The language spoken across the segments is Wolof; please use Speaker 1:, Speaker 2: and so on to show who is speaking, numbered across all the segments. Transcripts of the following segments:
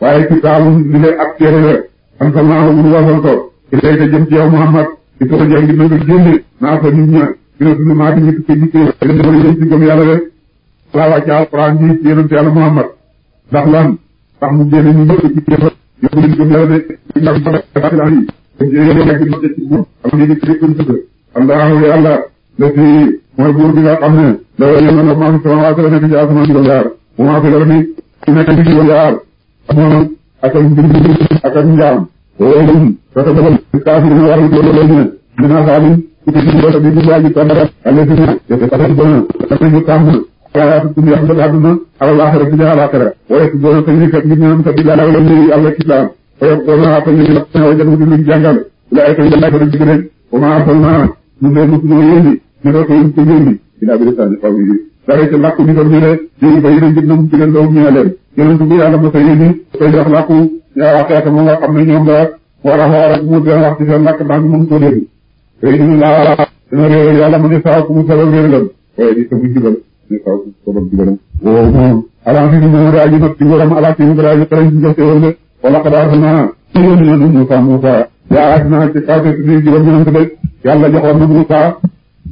Speaker 1: waaye kitaabum li lay ak téere la am sa naaw ñu wasal ko ilay te jëm ci yow Muhammad di ko jàngi na nga génne naa sa nit ña dina dund maa di ñu tukkee jikkee dama jëm ci gëm yàlla rek laa wàcce alquran ji ci yonent yàlla Muhammad ndax lan ndax mu génne ñu ñëpp ci yéen yóbbu leen gëm yàlla de ci ndax batilal yi allahu yàlla lati mooy buur bi nga xam ne da yéen na maa fi sama waa nekk ci asamaan juróom yaar bu maa fi dara ni nekk ci juróom yaar moom ak ak mbir ak ak njaam wóolum fata dabal kaafirina waral loolu ne dina xaalim ku ci di waji tandara alesi na yete tata bana xeexaatu dunya ak adduna alaaxira ak alaaxira waaye su doon sa ñu fekk ngir ñoom sa bilaal ak lañuy yàlla ci islam waaye doon naa fa ñu la taxaw jàng di luñ jàngal la ay ko jàngal ko digg nañ wa ma arsalna ñu de musu ñu yéndi ñu do ko ñu ko yéndi ila bi lisan xaw yi dara ci làkku ni ko ñu le ñu bay dañ gënam ci gën doom ñu leen yéen du yàlla ma sa yéndi koy wax làkku ya xeex mo nga xam ne ñoom la wara wara mu gën wax ci seen làkk ndax moom ko dégg réew ñu la dina réew yàlla mu ni saa ku mu sa réew lam waaye di ko bu jubal ci kaw ko def ci gërëm ala fi ñu raaji nag ci gërëm ala fi ñu raaji xarañ ci jëfte wala wala xadaar naa ci yoon na Moussa Moussa yaakaar naa ci kaafir bi juróom ñeent de yàlla joxoon na Moussa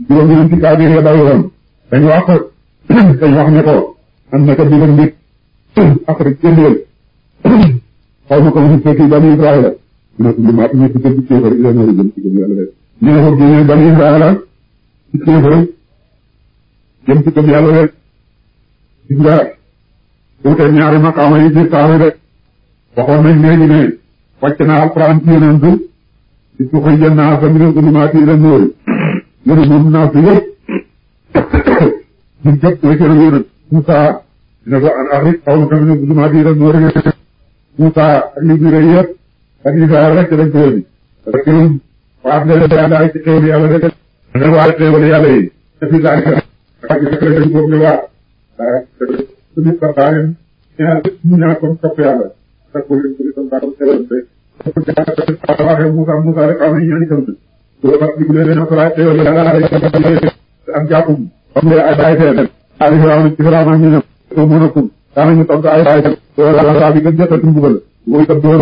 Speaker 1: juróom ñeent ci kaafir ya dawoon dañ wax dañ wax ne ko am na ko digal nit après ci digal xaw ma ko mu fekk bani Israël mu ne maa ngi ci kéefar ila na jëm ci gëm yàlla de ñu ne ko génne bani Israël ci kéefar jëm ci gëm yàlla rek gis yi biir taawi waxoon nañ léegi ne wàcc na alquran ci yeneen du di su koy jël naa sa mbir zulumaat yi la nuur ngëna moom naa su yëpp ñu jëpp mooy seen yonent Moussa dina ko an arrik xaw ma tamit zulumaat yi la nuur Moussa ak li biir yëpp ak li saa rek dañ ko yóbbi parce que waat leen yàlla ci xew yàlla rek ne waa xew yàlla dafa gis rek dañ boobu ne waa daa suñu baax leen ñu ne ko topp yàlla rek ko leen suñu tam baaxam teewal te waxee Moussa Moussa rek am na ñaan itam na ko laaj teewal yàlla ak jàppum xam nga ay baay fee ali firawna ci firawna ñu ne ko mënakum daanañu togg ay baay fee loolu la bi gën jotati mbugal mooy ko doon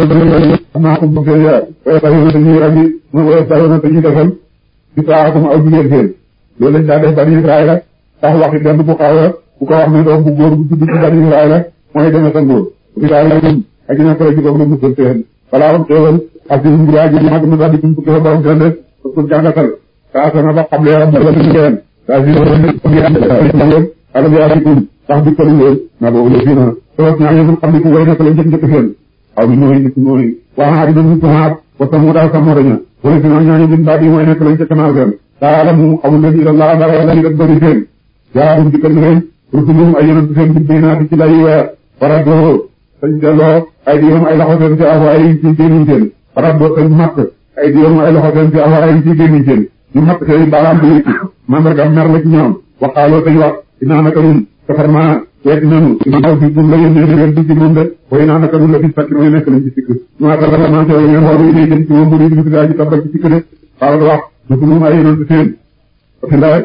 Speaker 1: naa ko bëgg yaa waaye na ñuy rabi waaye bari na ñuy defal di taakum aw jigéen feen loolu lañ daa def bari ndax waxi benn bu xaw a bu ko wax ne doom bu góor bu judd ci bari laay la mooy deme sa ngóor laay la ñun ak ña pare juróom la musal seen balaa am teewal ak di ngi yaa ji mag na daal di kum tukkee borom seen de pour jàngatal saa sana ba xam leeram ba ñu seen saa si ngeen ala bi abikum ndax di kalu leen na boobu la fii na soo ñaa yëgul xam ne ku way naka la njëkk njëkk seen aw mi nooy nit nooy waa xaar bi ñu tumaat wa samu daal samoraña wala si noo ñaañu bin baat yi mooy nekk lañ ca kanaaw seen daa alam mu xamul leen ila laa dara yàlla ni dat bëri seen waaw am dikkal na leen rusulum ay yonent seen bi baynaati ci lay weer faradoo sañ delloo ay diyoom ay loxo seen ci afa ay ci génniñ seen faradoo sañ matt ay diyoom ay loxo seen ci afa ay ci génniñ seen ñu matt seen baaraam bu yëkki mandarga mer la ci ñoom waxaaloo sañ wax dinaa naka nun kafar maa wet nanu aw bi gum la yónnee ngeen du ci moom de way naa a nun la fi sakki mooy nekk nañ ci sikk maatalaman soo ngeen xool bu jëm ci moom bu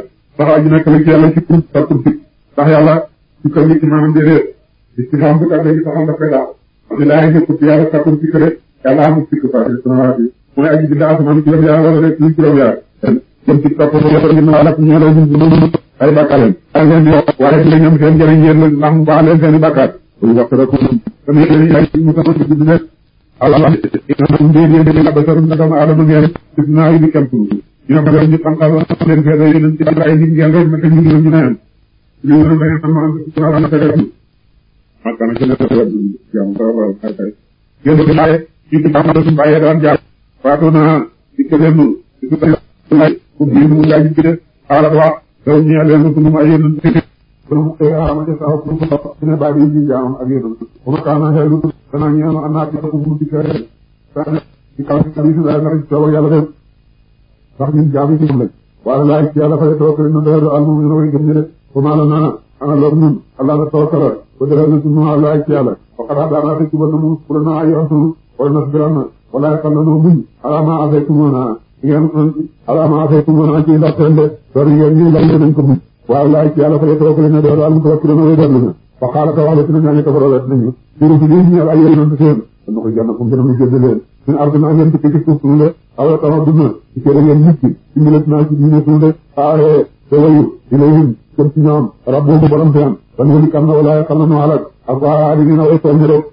Speaker 1: taxaw ji nekk nag yàlla ci pour sàkku fit ndax yàlla ci ko nit maanaam déedéet istifhaam bu tax léegi saxam daf koy daal abdilaahi ne pour yàlla sàkku fikk rek yàlla amul fikk fa ci samawaat yi mooy aji bi daa asamaan juróom yaar wala rek ñu juróom yaar kon ci topp nalak ño la dund ay bàkkaaleen ak leen di waaye di ñoom seen jëriñ yéen la ndax mu baax leen seen i bàkkaar mu ñoom ñoo ñu tànqal leen fee day yonent ci ay nit ngeen rek ma ñu ñu naan ñu ñu lay xam ma ci wala na fere ma kan ci la fere jam ko wala ay ay yéen ci lay ci ci tam su baye daan jaar faatu na ci ko dem ci ko lay ko bi mu lay ci de ala wa daw ñu ya leen ko mu ay yonent ci ko mu ko ya ma ci saw ko ko ne ba bi ñu jaam ak yéen ko ma kan xelu dana ñu ana ko mu ci fere sa ci ka ci ci la la ci taw yàlla dem sax ñun jaamu ci moom lañ waaye laa ci yàlla fay tawakkal ñun dafa doon moom ñu na koy gëm ñu de ba maanaam naana ana loolu ñun allah na tawakkal ba defal na suñu waa laa ci yàlla waxaraa daanaa fekk ba nu pour na ay yoxtu wala na biran na wala xal na noo muñ alaama afaytumoona ngeen alaama afaytumoona ci ndax seen de loolu ngeen ñuy laaj nañ ko muñ waaye laa ci yàlla fay tawakkal ñun dafa doon tawakkal na koy dem na fa xaala ta wax la ci nañ ñaani kafaroo wet nañu ci rusu lii ñeel ay yoon seen na ko jànn ko ngeen ñu jënd leen min ardina ngeen dëkk ci suuf suñu de awa tama na ci kër ngeen nit ki ci mbilet naa ci diine suñu de aaye te wayu ilayhim jëm ci ñoom rabbuhum borom seen fan wali kam na walaaya xam na nu halak ak waa adi na way tooñ rek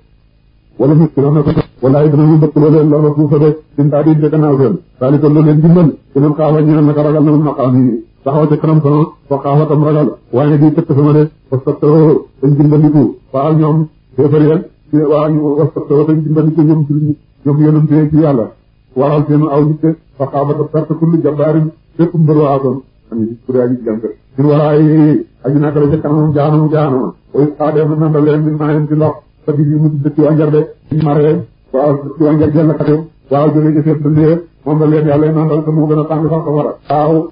Speaker 1: wala na ko walaay dina ñu bëkk loo leen lor suuf de din taa diin de gannaaw seen saali ko loo leen dimbal ci leen xaafa ñeneen naka ragal na mu maqaam yi kanam sama fa xaafa tam ragal waa wastatoo dañ jëf yonent yi ci yàlla waral seen aw yitte fa xaabata perte kulli jabaarin fépp mbër waa doon am i ku daaji jant sin waraay yéy aji naka la na nanda leen min maayen ndox sa di yi mujj dëkki wanjar de iñ maree waaw dëkki wanjar jëllkatim waaw jóge ci seen dëndee moom la leen yàlla nandal te moo gën a tàng sax safara waaw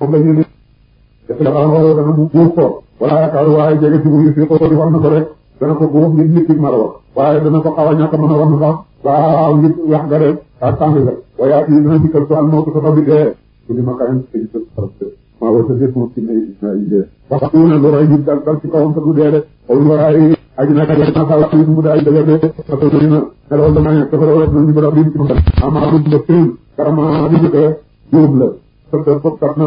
Speaker 1: moom la ñu dafa woo dana mu guuf ko wala yaakaar waaye jege si bu yi si dana ko guuf ngir nit ki mën a wax waaye dana ko xaw a a waaw ngir wax nga rek ak tànk nga waaye ak yi dina dikkal soxal moo ko soxal bi dee su di ma xayma te gis nga maa wër sa gis moom ci nay naa yi dee wax mu ne lu rey nit dal dal ci kawam te du dee de xaw lu waraay aji naka dee na xaw ci mu daay dëgër de parce que dina ne loolu dama nekk dafa rek nañu bëra bii ci bëgg amaa du ba tël karama di jëkk yóbbu la sarta fop kat na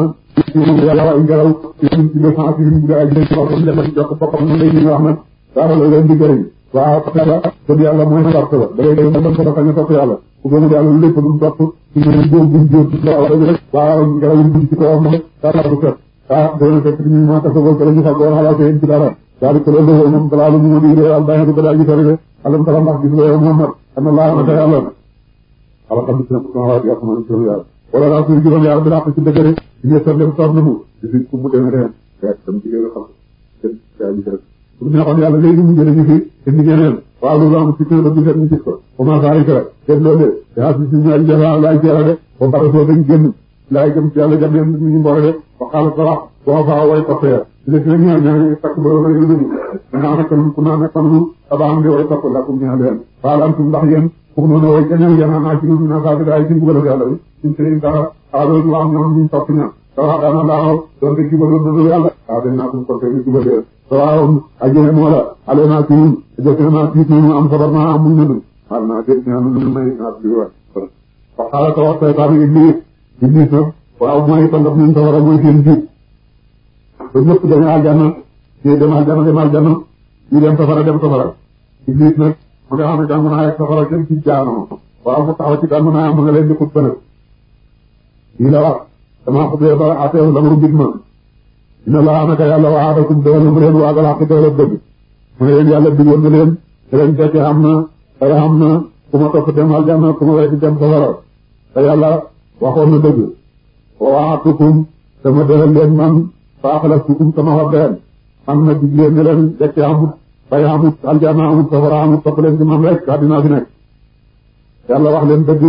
Speaker 1: yàlla waay ngelaw ci ci nga sens yi mu daay jël ci xaw lema jox boppam lay ñu wax na daara la leen di jëriñ waaw yàlla kon yàlla mooy sart ba da ngay mën sa bañ a topp yàlla ku gëmul yàlla lépp lu mu topp ci ñu jóom bu ñu jóom ci kaw rek rek waaw ngelaw li dugg ci kawam rek dara du fet ah dana fekk ñu ma tax ko ko ñu xagoon xalaat yeen ci dara daal ko loolu moom balaa lu mu di réel baax du balaa ñu tere alam tala ndax gis la moom mar ana laa ma yàlla ala xam ci ko xalaat ya ko mo ci yàlla wala la ko juróom yàlla bi la ko ci dëgëre ñu sa leen tor na mu ci ku mu demee rek tam ci nga xam ci daal di rek bu neexoon yàlla léegi mu jëlee ñu fi indi ñeneen waaw loolu am ci kër bi ñu gis ko comment ça rek def loolu yaa si suñu ñaari jafe laay teel a de ba pare soo dañ génn laay gëm ci yàlla jàpp leen ñu mboole de ba xaaral ko wax boo faa way topp ya léegi nag ñaar ñaar takk ba lu dëgg danaa nekk ku naa nekkoon lu tabaam di way topp lakum ñaar leen faal am ndax yéen pour mën a way gañal yanaa naa ci ñu naa faa bi daay ci mbugalam yàlla bi suñ sëriñ dara xaaral wax ñoom ñu topp ñaar waaw xam naa waaw donte ci bëgg dund yàlla. waaw dañ naa suñu côté bi ci bëgg. waaw ajjana moo la. allé naa ci ñun. jëfee naa ci ñun am sabar naa am muñ na dund. waaw naa dégg naa lu ñu may naa di wax. wax xaaral ko wax saytaane iblis. iblis nag waaw mooy tàngoor nañ sa war a mooy seen jiit. ba ñëpp dañu aljanna. ñuy dem aljanna dem aljanna. ñu dem safara dem safara. iblis nag mu nga xam ne jàng naa rek safara kenn ci jaanoo. waaw mu taxaw ci jàng naa ma nga leen di xut bënëb. lii la wax. damaa xubee a àtteewu la mu rubbit ma dina la naka yàlla waxaatakum dawalamu leen waagal xaq dawalab dëgg mu ne leen yàlla digoon na leen te leen fekk xam na dara xam na ku ma topp dem aljanna ku ma weddi dem safara te yàlla waxoon na dëgg wa waxaatukum dama dëral leen man fa axlastukum sama xob leen am na dig leen ne leen fekk amut fay amut aljanna amut safara amut topp leen ci man rek àddina fi nekk yàlla wax leen dëgg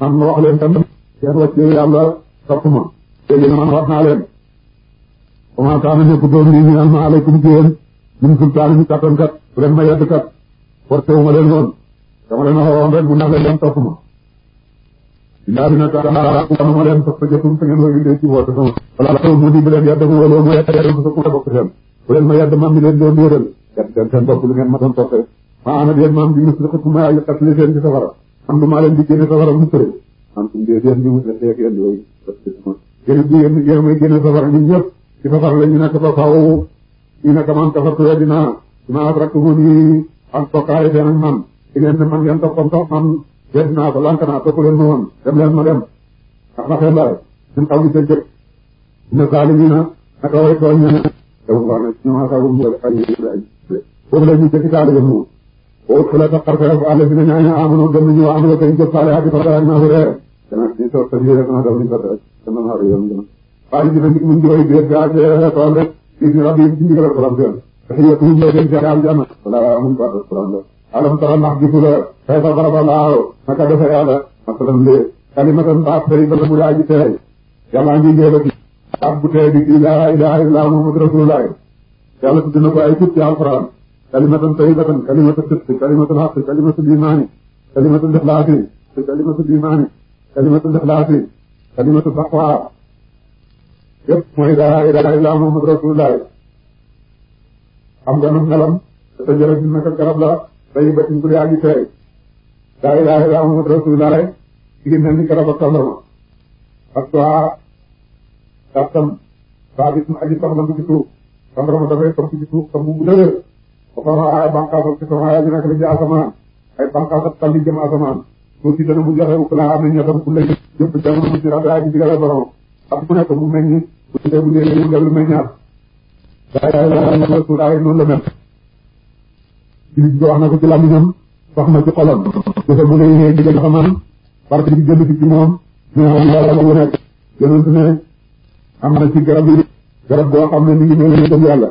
Speaker 1: man ma wax leen tamit seen wàccee yàlla ma te li man wax naa leen comment ça ne nekk doon lii ñu naan ma aleykum ci yéen ñun sultaan ñu kat su leen ma yedd kat forcé wu ma leen woon dama leen waxoon rek bu ndax leen dem topp ma. dinaa dina tànn dama ma leen topp sa jotul sa ngeen koy indee ci woote sama. voilà loolu mu di bi leen yedd ma wala mu yedd yedd ko sa bopp seen bu leen ma yedd ma mi leen doon wéeral yedd seen seen bopp lu ngeen ma doon toppee maa amat yéen di mus li xëpp leen di jërëjëf yéen yéen may génne safara ñun ñëpp ci safara la ñu nekk ba faaw ñu nekk man kafartu dinaa dinaa attracté wu ñu ak tokkaay seen ak man di ngeen ne man ngeen toppam topp man weddi naa ko lank naa topp leen ma woon dem leen ma dem. ndax ndax yéen laay ñun xaw ma jël jël dina saali ñu na naka way tooñ ñu ne. te bu baax nag ñu ma saagum ñu ay ay foofu la ñuy jël ci saali yëpp moom. boo xoolee sax xar xeex àll bi ne ñaañu amoon gëm nañu waa am la koy jël saali ak i fa dara ak naa ko réer. dana ci toog sa biir rek naa daw ni ko rek. dama la xaar yoon bi. waaye ñu ne ñu ngi koy dégg daal di xool rek ci rajo yi ci ndigal borom seen. parce que yéen ñu ngi koy dégg am jàmm. voilà amuñu ko borom seen. alam tara ndax gisu la. kay sa barab laaw. naka dafa yàlla. masalan de. kalimatan baax tey ba mu daa ji tey. yàlla ngi ngee rek. ab bu tey bi laa ilaha illa muhammad rasulullah. yàlla tudd na ko ay tur ci alquran. kalimatan tayyibatan kalimatan sidq kalimatan haqq kalimatan imaani kalimatan ikhlaasi kalimatan imaani kalimatan ikhlaasi kalimatu taqwa yëpp mooy laa ilaaha illallaa muhammadu rasuulullaah xam nga nag melam te jërëjëf naka garab la day bëtin bu teey laa ilaaha illallaa muhammadu rasuulullaah jigéen mel ni garab ak tàndarma ak waa kàttan saa bi mu aji sax la mu ci suuf dafay toog ci suuf tam bu dëgër ba pare ay bànqaasam ci sama yaa ngi ay bànqaasam tam li jëm asamaan suuf si dana mujj affaire ku ne am nañ ñaata ku lay yëpp jamono mu ci rajo yaa ngi digale borom ak mu nekk mu mel ni bu ñu bu mel ñaar la la suuf daay noonu la mel jullit bi wax na ko ci làmmiñam wax na ci xolam nekk yonent ne am na ci garab yi garab goo xam ne ni ngi mel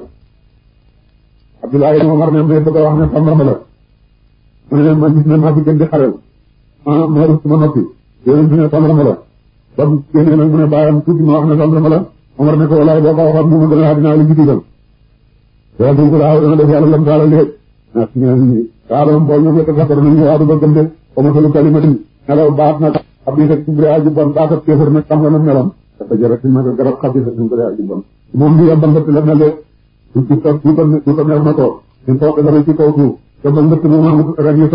Speaker 1: a wax na maa fi gën di xarel moo def ba noppi yonent bi ne Salma la ba mu génnee nag mu tuuti ma wax ne la Omar ne ko walaay boo ko waxoon mu gën laa dinaa la jiitu itam waaw dañ daaw dana def yàlla lam taala léegi ndax ñoom Adama mbool ñoom la ko sakkar nañ ñëwaatu ba gëm de comme que lu kalimatin nelaw baat nag ab yi rek subre baat ak kéefar nag xam nga moom lii am bangat la mel de su ci toog su ko su ko neex na ko ñu toog dara ci kaw suuf te ba ngëtt moom amut rek ñu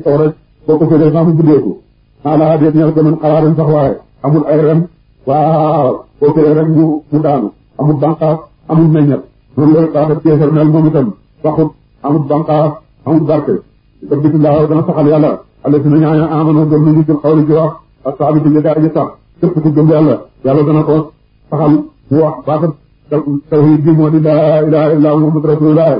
Speaker 1: sox boo ko jëlee naa mu buddeeku naa laa déet ñax gënoon xalaat sax waaye amul ay rem waaw boo jëlee rek mu mu daanu amul bànqaaf amul meññal noonu la daa ko teesal mel moom itam waxut amul bànqaaf amul barke te bisimilah dana saxal yàlla allé sina ñaaña amano gëm nañu jël xawli ci wax ak saabi ci jëgaa ji sax képp ku gëm yàlla yàlla dana ko saxal mu wax baatat tawhid bi moo di laa ilaha illa muhammad rasulullah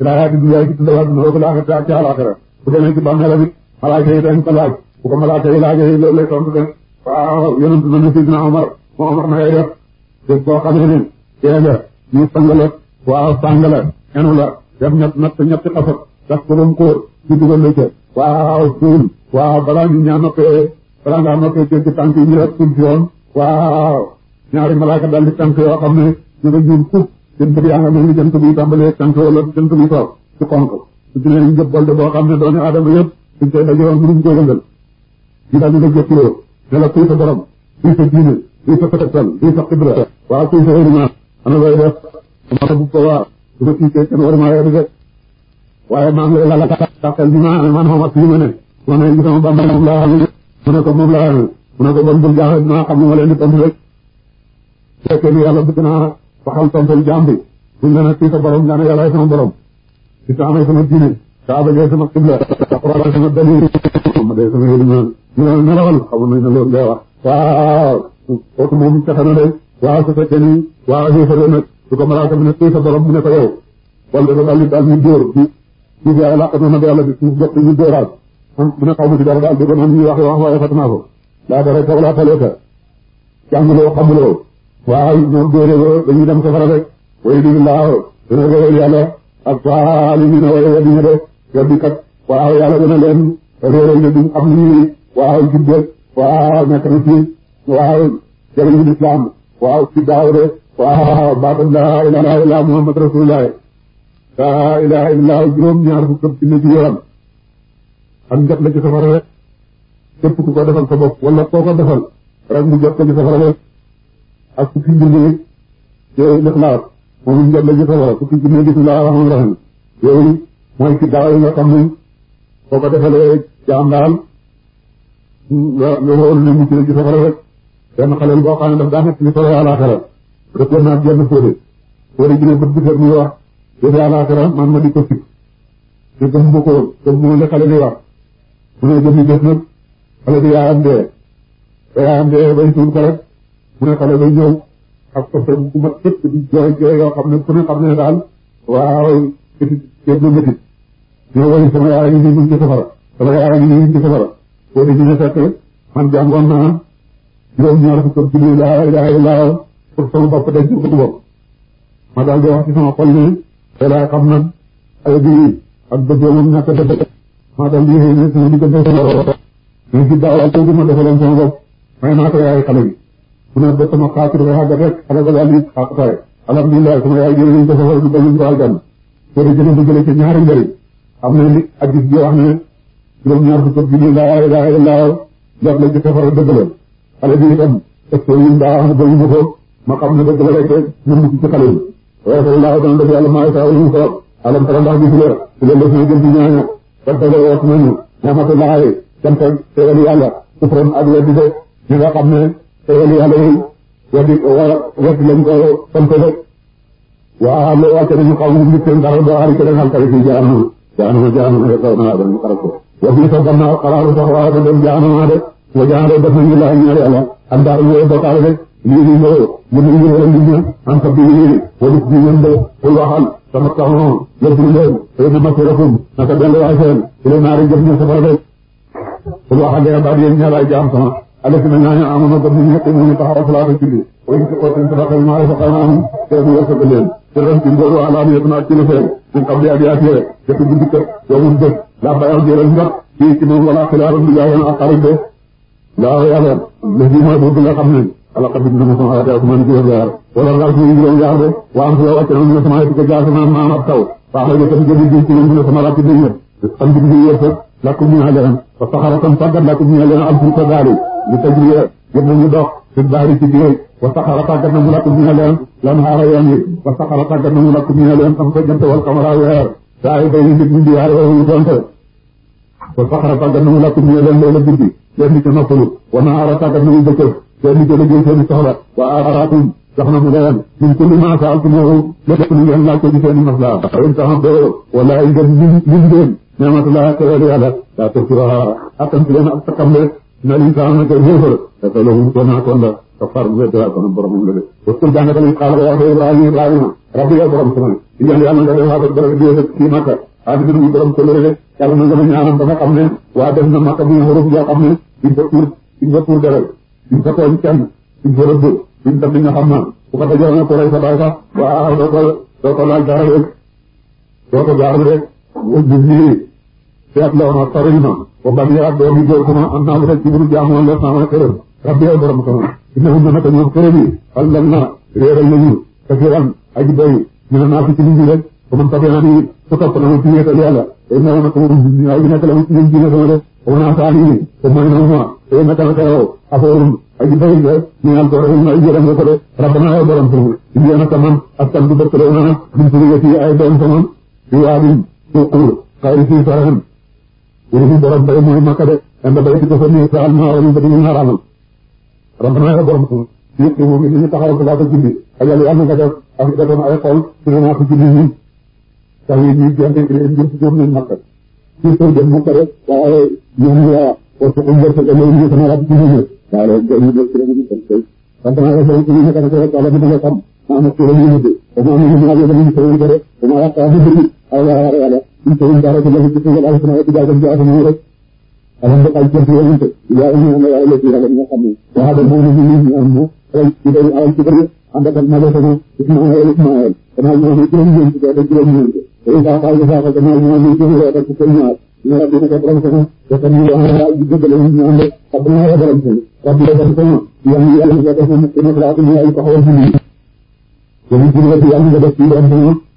Speaker 1: ilaa di duyaay ci tundawaat na ko laaxira ci àlaxira bu demee ci bàmmeelam it malaaka yi dañ ko laaj bu ko malaaka yi laajee loolu lay tontu dem waaw yonent na ne Sidina Omar mu Omar na ngay def def boo xamee ne tee la ñu sang la waaw sang enu la def ñett natt xasat def ko ba mu kóor ci dugal la ca waaw suul waaw balaa ñu ñaa noppee balaa ngaa noppee jéggi tànk yi ñu def suul si woon waaw ñaari malaaka dal di tànk yoo xam ne ñu nga juum kub seen bët yaa nga mel ni jant biy tàmbalee dina leen jëpp bolde boo xam ne doomi aadama yëpp suñ koy dajewoon mënuñ ko yëngal ñu daal di la jëppuloo ne la kuy sa borom kuy sa diine kuy sa protection kuy sa xibra waaw kuy sa wérima ana looy def ma bu ko waa su ma tiitee kenn waruma weeru de waaye maa ngi lay lala tàqal ni ma man xamat li ma ne ma ne gi sama bamba moom laa xam ne mu ne ko moom laa xam mu ne ko bon bul jaaxle dinaa xam ne ma leen di tontu rek fekkee ni yàlla bëgg naa waxal tontal jaam bi buñ la ne kii sa borom nga ne yàlla sama borom ci kaamay sama diine kaaba ngay sama xibla alquran sama dalil ma day sama yéli naan ñu ne nelawal xamoon nañ ne loolu ngay wax waaw kooku moom fexe na de waaw su fekkee ni waaw xéefare nag su ko malaaka bi ne kuy sa borom mu ne ko yow wala dafa daal di daal ñu dóor bi ci yàlla làqat na nag yàlla bi suuf jot ñu dóoraat mu ne xaw ma ci dara daal di ko naan ñu wax wax waaye fat naa ko laa dara kaw laa taleeka jànguloo xamuloo waaw ñoom dóore dañuy dem safara rek way di laaw dana ko yàlla az-zaalimiina wala weddi ñu de weddi kat waaw yàlla leen réeral ne jubbe waaw nekk na fii lislaam waaw ci daaw de waaw baatam laa ilaaha muhammad rasulullah laa ilaaha illaa juróom ñaar fukk ak junni ci ci safara rek ku ko defal sa bopp wala koo ko defal rek mu jot ci safara rek ak ku fi mbir moom itam dañuy soxla fukki junne bismillah rahmaan rahim yooyu mooy ci daaw yi nga xam ne boo ko defalee jaam daal nga nga ne mucc la ci safara rek benn xaleel boo xam ne daf daa nekk ni solo àllaaxira rek war naa jenn fóode fóode ji ne bët bi fet muy wax jëfe àllaaxira man ma di ko fit te gëm bu ko gëm bu li xale di ne jëmmi bés yaayam dee te yaayam dee bay suul ko rek mu ne xale bay ñëw ak ko bu ma képp di jooy jooy yoo xam ne ku ne xam ne daal waaw métit képp na métit ñoo wari sama yaara ngi nii mu ngi ci safara sama yaara ngi nii mu ngi ci safara boo di dina fekk man jàngoon naa juróom ñaar fukk ak junni laa ilaha illallah pour sama bopp denc ko bopp ma daal di wax sama xol ne te laa na ay bi ak dëggoo moom ñàkk dëgg maa daal di yéene sama diggante sama bopp ñu ci daawal ko ma defaloon sama bopp may naa ko yaay xale bi bu ne ba sama xaatu dafay xàggat rek alagal àlli xaaqataay alhamdulilah sama yaay jëlee nañ ko safara du bañu ko algan sore jëlee ba jëlee ci ñaari njëriñ am na li addis bi wax ne juróom-ñaar fukk ak laa ilaaha illallaah ndax la ci safara dëgg la xale bi itam expo yi daa am bañu ma ko ma xam ne dëgg la rek rek ñu mucc ci xale yi wasalallaahu dana def yàlla maa saa ñu ko alam tara si la lëf na jëm ci ñaaña fantale wax laay canta teewal yàlla sufran ak weddi de ñi nga xam ne te yéen yàlla yi wati wati lañ ko sant rek waaw am na wàcce nañu xaw ma nit seen dara doo xam ne xam tali fii jaanama jaanama jaanama rek xaw naa dem xaral ko wax ñu sa gannaaw xalaaru sax waaye ko dem jaanama de wa jaanama def nañu laa ñaari yàlla ak daara ñu bokkaale rek lii nii ñëwee mu ne ñu wala nit ña am sa bii nii wala si ñun de pour waxal sama taxawoon yëpp leen xëy na masirakum naka delluwaay seen ilay naari jëm ñu safara de pour waxal de baat yéen ñaar ay jaam sama Aliou si nag ñooñu amoon na comme ni ñëpp ñu taxaw salaata julli waaye si kooku ñu taxaw maa ngi soxla naa am keroog ñu wërsëg leen te def ci mboolu alaam yëpp naa ci lu feeg ñu xam di ak yaa fii rek dëkk bu dikk doomu dëkk laa bayal jëral ndax fii ci moom wala xilaaram du jaay ak xarit de laa yàlla mais bii mooy boobu nga xam ne ala xam ne dina sama ayat ak man juróom yaar wala laal suñu juróom yaar de waa am si la wàcc na dina sama ayat ko jaar sama maam ab taw baax la jëkkati jëndi jënd ci ñoom dina sama rakk day yëpp am di di yëpp lakk ñu leen fa saxara tam tàggat lakk ñu leen alfu sa daali li tajriya yëpp ñu dox fi baari ci biir wa saxara tàggat na mu lakk ñu ne leen lan xaara wa saxara tàggat na mu lakk ñu ne leen am ko jant wal xamara weer saa yu bay nit ñi di waay na mu lakk ñu ne leen loola guddi leen di ca noppalu wa naara tàggat na mu bëccëg leen di ca wa aaraatum jox na mu ne leen min kulli maa saaltumuhu lépp lu ngeen laaj i masla awen taxam doo wala ngeen lim lim ngeen neematulaa nal insaan ko yéefar dafa lahum ko naakoon la te far na boromam la de waskur jàng tamit xaala ko wax Ibrahima Ibrahima rabbi yow borom sama i jan yàlla nga def waa ko borom diwése kii Makka xaafisir mu borom ko lëre de yàlla na nga ma ñaanal ba nga xam ne waa def na Makka bu ñu xuruf yoo xam ne duñ fa tuur duñ fa tuur deret waa doo laaj dara rek doo ko jaar seet la woon ak tarima ba bam yaram doom yi góor ko ma am naa lu rek jibril jaamu woon def naa ma këram rabbi yow borom ko ma innahum na naka ñoom këram yi fal lan na réeral nañu kasiran aji doy ñu ne naa ko ci nit ñi rek ba man tafe naa ni su topp na ma ci wéetal yàlla te innahum na ko mu waaye bi nekk la ma ci ñoom jiina sama def ba man asaa nii te mooy na ma te naka naka yow afoorum aji doy la ñu naan ko rek na yërëm nga ko de rabbana yow borom ko ma ñu ne naka man askan du barkale na bin ci ay doom sama ci waa bin suqur xayri fii farahan yéen ñi borom bay mooy Makka de Inde bay di ko fa nuyu saxal a wala ba di ñu a rabbana ya borom ñun ci moom ñu taxawal ko laata julli ak yàlla yàlla nga def ak defoon ay xol ci naa ko julli ñun sax Makka ci ko Makka rek waaye ñoom ya ko ko ngir ko leen ñu sama rabb julli ñu waaye dañu def ci ñu tan tay rabbana ya borom ñu nekk nga xam ma am ko ñu ñu de ma am ñu ñu ñu dañu ko ñu in shay'in baaraka lahu fi samaawaati wal ardi daal daal daal rek alhamdulilah jërëjëf yonente yaa ngi ñëw ne yaa ngi lay nga xam ne. waaw daal moom la ñu ñu am moom. alal ci bëri alal ci bëri ànd ak ma doon sama Ismaayel Ismaayel. danaa ñëw ne juróom-ñeent ko ak juróom-ñeent ko. te Isaaxa ak Isaaxa danaa ñëw ne juróom ko ak juróom ñaar. ñu rabbi na ko borom sama. te kon ñu wax daal di dëggal ñu am rek. ak bu ñu borom sama. rabbi la borom sama. yaa ngi yàlla nga def mu nekk laa ko ñu yàlla ko xawal ci nii. yéen ñu ci def yàlla nga def ci borom sama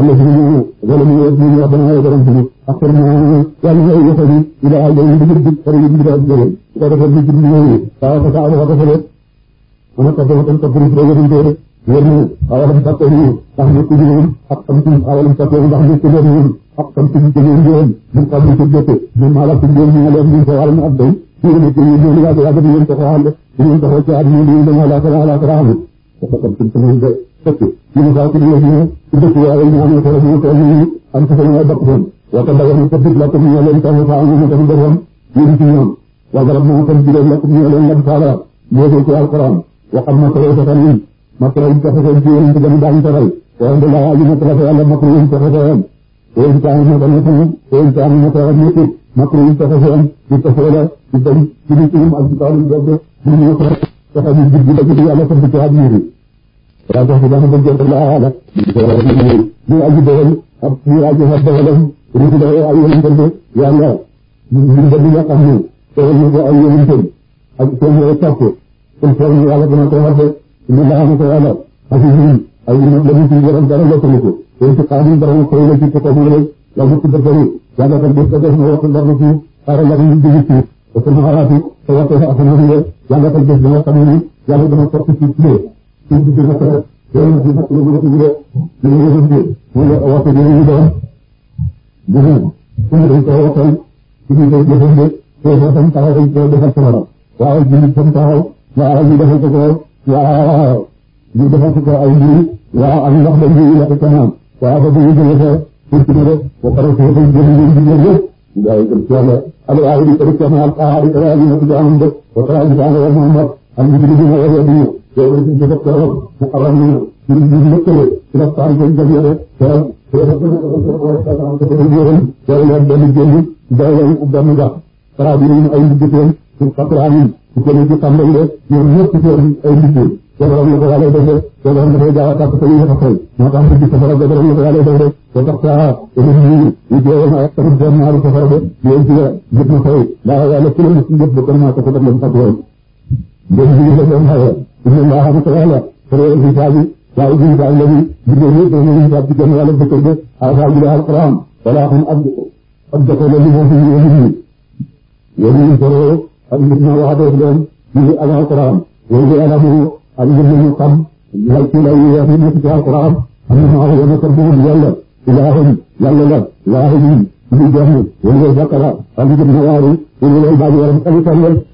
Speaker 1: am na suñu wala ñu ñu ñu wax dañu borom bi ak xor mu yàlla ñëw yoxo bi ila ay day bi bi xor yi bi da jël ko dafa bi bi ñëw waaw ko ka am ko fele mu ne ko dafa tan ko bu ñu dañu dé wër ñu waaw dafa takko ñu tax ñu ko ñu ak tam ci awalam takko ñu ndax ñu ko ñu ak tam ci ñu ñu ñu ñu ko ñu ko jotté ñu ma la ko ñu ñu leen ñu ko wala mu abdou ñu ñu ko ñu ñu ya ya ñu ko xal ñu ko ci ad ñu ñu la ko la ko raxu ko ko ci ñu dé fekk ñu ko ko ñu dëkk yàlla yi nga xam ne tey moom tey moom am ci seen bàq seen wax dëgg yàlla sa dëkk la comme ñu leen taxaw saa ñu def boppam ñu ngi ci ñoom wax dëgg moom tam bi la comme ñu leen lab saala boo ci alquran wax am na solo sa tan yi ma ko yi tax ko ci yeen ci gën dañ taral wa inda la yi ma ko yàlla ma ko yi tax ko yeen yeen taam ma ko yeen yeen taam ma ko yeen ma ko yi tax ko yeen ci tax ko la ci dañ ci ci am ak taal yi dëgg ñu ko tax ñu digg dëgg yàlla ko ci hadith rajo bi dafa bëgg jënd laa la ñu aji doon ab ñu aji xar doon ruutu da ay yéen jënd yàlla ñu jënd ñoo xam ni teewal ñu ko ay yéen jënd ak seen yore topp kon foog ñu yàlla dana ko xarde ñu laa ko yàlla ak ñu ay ñu la ñu ci yaram dara la ko ko kon ci xadim dara ko la ci ko ko lay la mu ci defal yàlla kan bu ko def na wax dara ci ara la ñu digi ci ko ko xalaatu ko ko ak ñu yàlla kan def na xam ni yàlla dana ko ci ci suuf si sa tool yooyu suuf si la ko jëlee dañuy jëfandikoo wala wax dëgg yàlla ñu doon jëfandikoo suuf dañ koy waxtaan suuf dañ koy jëfandikoo suuf dañ koy taxaw dañ koy defal sa borom waaye jiw dañ taxaw waaw ñu defal ko waaw ñu defal ko ay jiw waaw am ndox dañ koy yàq kanam waaw ba bu ñu jëlee sa suuf si dara ba pare suuf dañ jëlee ñu ngi jëlee waaye jëm si yàlla allo waaw di ko def sama alxaari alxaari ñu ngi ko jaaxal ñu def ba pare ñu jaaxal wala mu mot am ñu ci dugg ma wala du ñu. yow dañu siy def toolam mu xabaar ñu ne mbir mi lépp tëjee ci la saa ngeen jëndee rek teel teel a tëjee wala saa nga xam ne dañuy yoroon teel a benn génn jaay la ñu benn gàtt. xalaat yi ñu ay liggéeyam suñ xatraan yi su ko defee tàmbali rek ñoom ñëpp ci seen ay liggéey. jabaram la ko yàlla defee jabaram dafay gaaw a tàkk te ñu dafa xëy moo tax ci safara jabaram la ko yàlla def rek ba tax saa dafa ñu ñu jéewal ak tamit benn ñaari safara de yooyu ci la jëpp na xëy daa yàlla ku la mos jëpp ba kon naa ko ko def leen fàtte woon. inna Allaha naka Yàlla sarewal xisaabi waaye ci xisaab la bi bindee ñëpp dañuy xisaab ci kenn wala bëccëg ba asaa bi daal xaraam wala xam ab ab doxee la li moom suñu yéen ñi yéen ñi sarewoo ak mbir ma waxatee leen ci ak alquran yéen di alamu ak mbir ñu xam lay ci lay yeex yi nekk ci alquran am na maa yéen a kër bugul yàlla ilaahum yàlla la laahum ñu jox ñu yéen ngay bàkkara ak mbir ma waaru yéen ngay baaji waram xalitan la